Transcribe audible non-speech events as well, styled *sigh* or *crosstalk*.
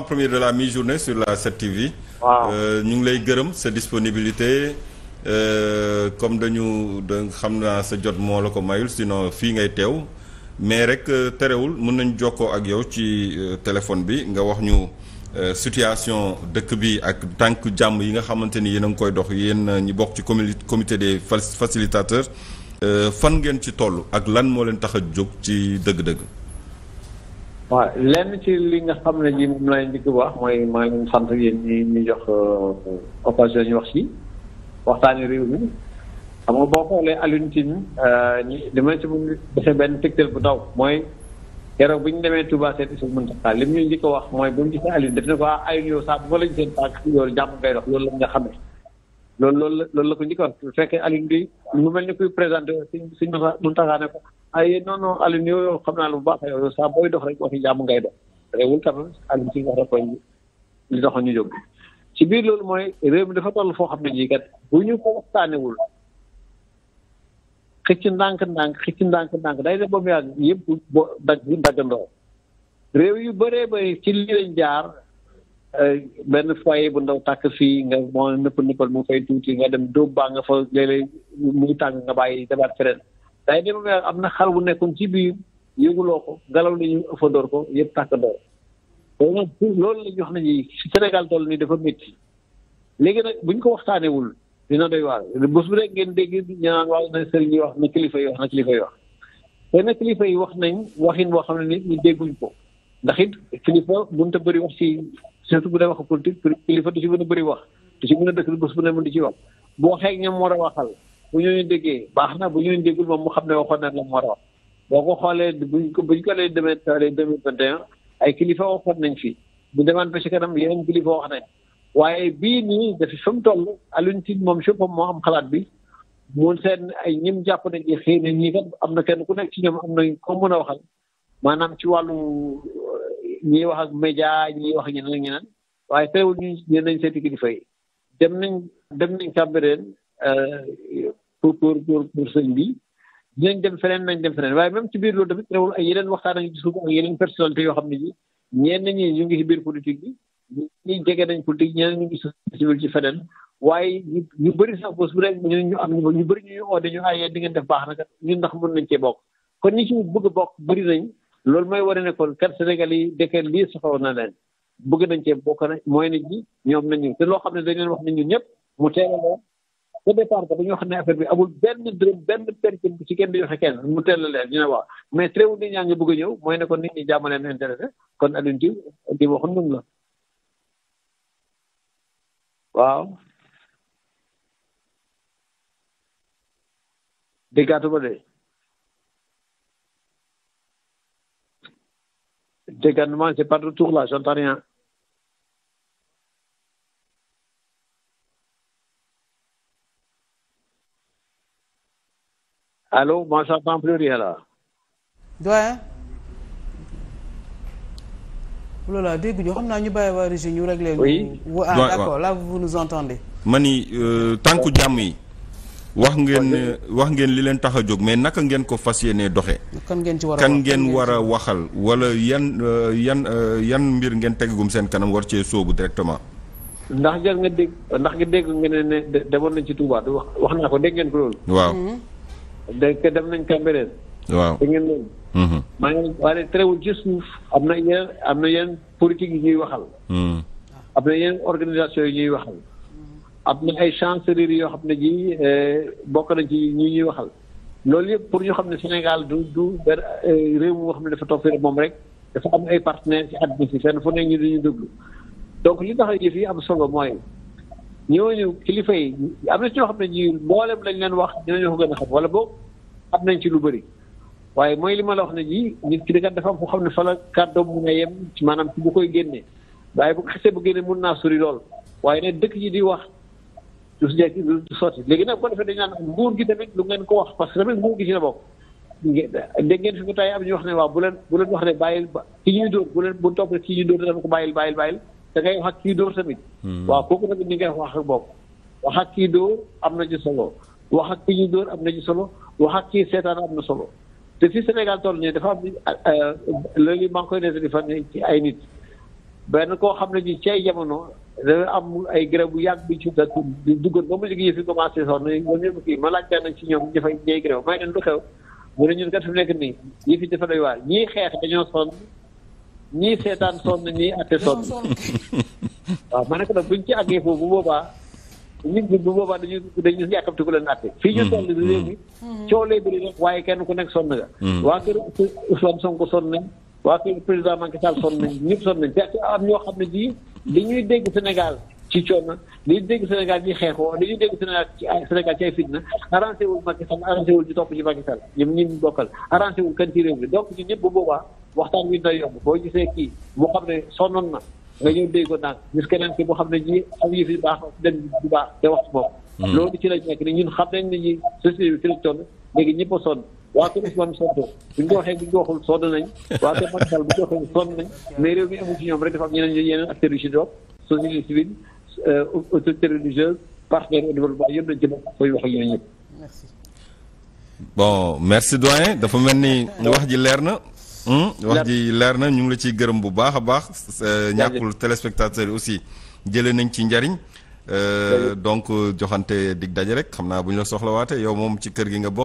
en premier de la mi-journée sur la 7TV. Euh, ñu ngi lay gërëm sa disponibilité euh, comme dañu da xam naa sa jot moo la ko mayul sinon fii ngay teew mais rek euh, terewul mën nañ jokkoo ak yow ci téléphone bi nga wax ñu situation dëkk bi ak tànk jàmm yi nga xamante ni yéen a ngi koy dox yéen ñi bokk ci comité des facilitateurs fan ngeen ci toll ak lan moo leen tax a jóg ci dëgg-dëgg. waaw lenn ci li nga xam ne ji moom laa njëkk wax mooy maa ngi sant yéen ñi ñu jox euh, occasion ñu wax ci waxtaani réew mi xam nga boo xoolee Alioune Tine euh, dama ci mun defee benn tegtal bu taw mooy keroog bi ñu demee tubaa seet Issa Mountakha li mu ñu njëkk wax mooy bu mu gisee Alioune def na ko ah Alioune yow saa bu ma la gisee tànk yow jàmm ngay loolu la nga xamee loolu loolu la loolu la ko njëkk a wax su fekkee Alioune Ndoye mu mel ni kuy présenté suñ suñ Mountakha ne ko ay ah, non non Alioune yow xam naa lu baax yow saa booy dox rek waxi jàmm ngay dox réewul tam Alioune si wax rek li ñu jóg ci biir loolu mooy réew mi dafa toll foo xam ne jii kat bu ñu ko waxtaanewul xëcc ndànk-ndànk xëcc ndànk-ndànk day def ba mu yàgg yëpp boo dagg daggandoo réew yu bëree bëri ci lii lañ jaar Eh, benn foyer bu ndaw tàkk fii nga moo nëpp nëppal mu fay tuuti nga dem dóob baa nga fa léeg-léeg muy tàng bàyyi dabaat feneen day dem am na xar bu nekkoon ci biir yëguloo ko ngelaw li ñu ëffandoor ko yëpp tàkk door loolu la ñu wax nañu si Sénégal toll ni dafa métti léegi nag buñ ko waxtaanewul dina doy waar bés bu rek ngeen dégg ñu naan waaw na wax na kilifa yi wax na kilifa yi wax te na kilifa yi wax nañ waxin boo xam ne nit ñi dégguñ ko ndax it kilifa mënut a bëri wax ci surtout bu dee wax politique kilifa du ci gën a wax du ci gën a dëkk bés bu wax bu waxee ñoom war a waxal bu ñooñu déggee baax na bu ñooñu déggul moom xam ne waxoon na la mu war a wax boo ko xoolee buñ ko buñ ko lay demee tawee deux mille vingt et nañ fi bu demaan ba ci kanam yeneen kilifa wax nañ waaye bii nii dafa fi mu toll Alioune Tine moom si boppam moo am xalaat bi mu seen ay ñim jàpp nañ xëy na ñii am na kenn ku nekk ci ñoom am nañ ko mën a waxal maanaam ci ñiy wax ak média ñiy wax ak ñeneen ak ñeneen waaye teewul ñu ñeen nañ seeti kilifa yi dem nañ dem nañ Cambérène euh, pour pour pour pour sëñ bi dinañ dem feneen nañ dem feneen waaye même ci biir loolu tamit teewul ay yeneen waxtaan nañu ci suuf ak yeneen personnalité yoo xam ne ji ñeen ñu ngi ci biir politique ñu ñi jege nañ politique ñeneen ñu ngi civil ci feneen waaye ñu bëri sax bés bu rek ñu am ñu bëri ñu oo dañu ay di ngeen def baax na kat ñun ndax mun nañ cee bokk kon ñi ci bëgg bokk bëri nañ loolu mooy wane ne kon kat Sénégal yi dëkkee lii soxla na leen bëgg nañ cee bokk na mooy nit ñi ñoom nañu te loo xam ne dañ leen wax ne ñun ñëpp mu teel leen te départ bi amul benn dërëm benn percin ci kenn di joxe kenn mu teel leen ñu ne waaw mais tréewul nit ñaa ngi bëgg ñëw mooy ne kon nit ñi jàmm leen intéressé kon Alioune Tine di waxoon moom la waaw déggaatu ba de Déganement, c'est pas de retour là, j'entends rien. Allô, moi j'entends plus rien là. doyen. voilà dégguñu xam naa ñu bàyyi waa régie ñu réglé. oui ah d'accord là vous nous entendez. ma ni euh, tànku jàmm yi. wax ngeen wax ngeen li leen tax a jóg mais naka ngeen ko fas yéenee doxe kan ngeen ci war a kan war a waxal wala yan euh, yan euh, yan mbir ngeen tegagum seen kanam war ci cee sóobu directement. ndax jar nga dégg ndax nga dégg nga ne ne demoon nañ ci Touba wax wax naa ko dégg ngeen ko loolu. waaw. Mm-hmm. dégg dem nañ Cambérène. waaw dégg ngeen loolu. Mm-hmm. maa ngi waaye terewul ci suuf am na yeneen am na yeneen politique yi ñuy waxal. Mm. am na yeneen organisation yi ñuy waxal. am na ay chancelleries yoo xam ne ji euh, bokk nañ ci ñi ñuy waxal loolu yëpp pour ñu xam ne Sénégal du du benn euh, réew moo xam ne dafa topp moom rek dafa am ay partenaires ci àdduna si fenn fu ne ñu dañuy donc li tax yëf am solo mooy ñooñu kilifa yi am na si ñoo xam ne ji mboolem lañ leen wax dinañu ko gën a xam wala boog am nañ ci lu bëri waaye mooy li ma la wax na ji nit ki dafa am foo xam ne fa la kàddoom mun a yem maanaam ci bu koy génnee waaye bu xasee bu génnee mun naa sori lool waaye nag dëkk yi di wax. du si léegi nag bu ko defee dañu naan nguur gi tamit lu ngeen ko wax parce que tamit nguur gi ci wax ne waaw bu leen bu leen wax ne bàyyil ba ki ñuy dóor bu leen bu topp da ngay wax ak kii dóor tamit. Hmm. tamit ñu ngi wax ak bopp wax ak kii dóor am na ci solo wax ak ki ñuy dóor am na ci solo wax ak kii seetaan am na solo te fii Sénégal toll nii dafa am euh, loolu maa ngi koy nettali fan ci ay nit benn koo xam ne ci ay jamono. dana am ay grève bu yàgg bi ci duggoon ba mu liggéey fi commencé sonn ñoom ñëpp kii ma laaj kenn ci ñoom ñu fay ñooy grève may leen lu mu ne ñun kat fi nekk nii yii fi dafa doy waar ñii xeex dañoo sonn ñii seetaan sonn ñii atte sonn *laughs* ma ne ko buñ ci àggee foofu bu boobaa ñun bu boobaa dañuy dañuy yàkkamti ku leen atte hmm. fii ñu toll nii hmm. waaye kenn ku nekk sonn nga hmm. waa kër Ousmane Sonko sonn nañ waa kër président Macky Sall sonn nañ ñëpp sonn nañ te am ñoo xam ne jii li ñuy dégg Sénégal ci coono li ñuy dégg Sénégal ci xeexoo li ñuy dégg Sénégal ci ay Sénégal ci ay fitna arrangé wul Macky Sall arrangé wul ñu topp ci Macky Sall ñoom ñi bokkal arrangé wul kan ci réew mi donc ñun ñëpp bu boobaa waxtaan wi day yomb boo gisee kii mu xam ne sonnoon na nga ñëw dégg ko naan gis keneen ki boo xam ne ji am yëf yi baax dem bu baax te wax moom. Hmm. loolu ci lañ nekk ni ñun xam nañ ne ñi société bi ci la coono léegi ñëpp a sonn. waa ko waxee ko waxul sonn nañ waa kër Macky bu ñu ko waxee nañ mais réew mi amul ci ñoom rek dafa euh, yëpp dañ ci doon koy bon merci doyen dafa mel ni wax ji leer na. Hmm? wax ji leer na ñu ngi la ciy gërëm bu baax a baax. Euh, ñàkkul téléspectateurs yi aussi jëlee nañ ci njariñ. Euh, donc joxante dig daje rek xam naa buñ ñu la soxlawaatee yow moom ci kër gi nga bokk.